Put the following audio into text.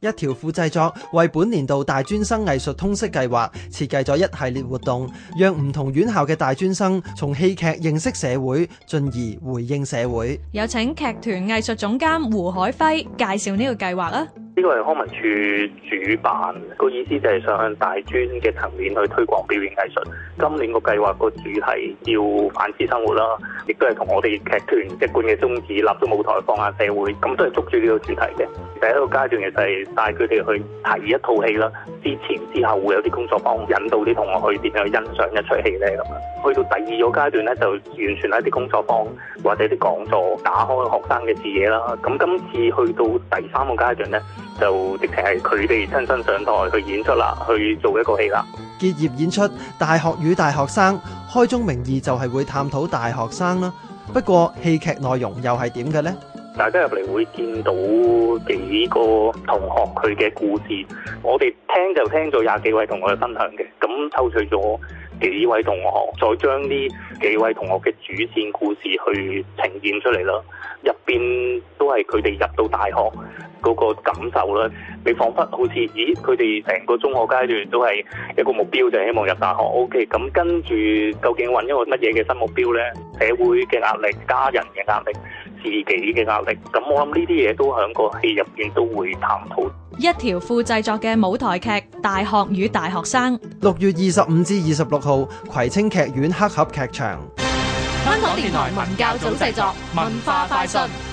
一條褲製作為本年度大專生藝術通識計劃設計咗一系列活動，讓唔同院校嘅大專生從戲劇認識社會，進而回應社會。有請劇團藝術總監胡海輝介紹呢個計劃啊！呢個係康文署主辦，個意思就係想向大專嘅層面去推廣表演藝術。今年個計劃個主題叫反思生活啦。亦都係同我哋劇團一貫嘅宗旨，立足舞台，放眼社會，咁都係捉住呢個主題嘅。第一個階段其實係帶佢哋去睇一套戲啦，之前之後會有啲工作坊引導啲同學去點樣欣賞一出戲呢。咁，去到第二個階段呢，就完全係啲工作坊或者啲講座打開學生嘅視野啦。咁今次去到第三個階段呢，就直情係佢哋親身上台去演出啦，去做一個戲啦。結業演出，大學與大學生。開宗名義就係會探討大學生啦，不過戲劇內容又係點嘅呢？大家入嚟會見到幾個同學佢嘅故事，我哋聽就聽咗廿幾位同學嘅分享嘅，咁抽取咗幾位同學，再將呢幾位同學嘅主線故事去呈現出嚟囉。入邊都係佢哋入到大學嗰個感受啦，你仿佛好似，咦，佢哋成個中學階段都係一個目標就係希望入大學。O K，咁跟住究竟搵一個乜嘢嘅新目標呢？社會嘅壓力、家人嘅壓力、自己嘅壓力，咁我諗呢啲嘢都喺個戲入邊都會探討。一條褲製作嘅舞台劇《大學與大學生》，六月二十五至二十六號，葵青劇院黑盒劇場。香港電台文教組製作，文化快訊。